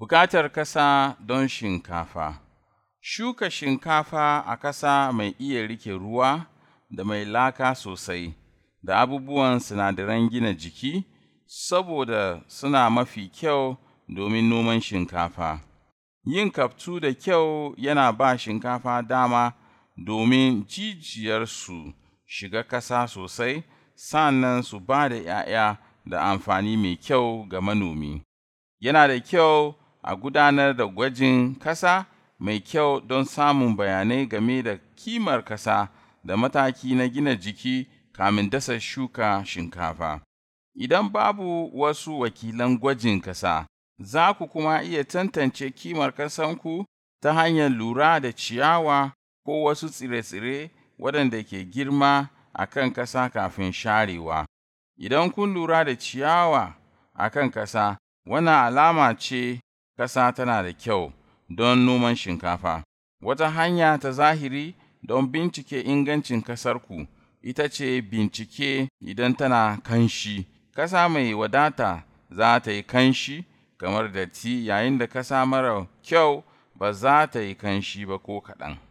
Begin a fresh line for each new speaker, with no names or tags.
Bukatar ƙasa don shinkafa Shuka shinkafa a ƙasa mai iya rike ruwa da mai laka sosai da abubuwan sinadaran gina jiki saboda suna mafi kyau domin noman shinkafa. Yin kaftu da kyau yana ba shinkafa dama domin jijiyarsu shiga ƙasa sosai sannan su ba da ‘ya'ya da amfani mai kyau ga manomi. Yana da kyau a gudanar da gwajin kasa mai kyau don samun bayanai game da kimar kasa da mataki na gina jiki kamin dasa shuka shinkafa. Idan babu wasu wakilan gwajin kasa, za ku kuma iya tantance kimar kasanku ta hanyar lura da ciyawa ko wasu tsire-tsire waɗanda ke girma a kan ƙasa kafin sharewa. Idan kun lura da ciyawa a kan ƙasa, wannan alama ce ƙasa tana da kyau don noman shinkafa. Wata hanya ta zahiri don bincike ingancin ƙasarku ita ce bincike idan tana kanshi. Ƙasa mai wadata za ta yi kanshi kamar datti yayin da ƙasa mara kyau ba za ta yi kanshi ba ko kaɗan.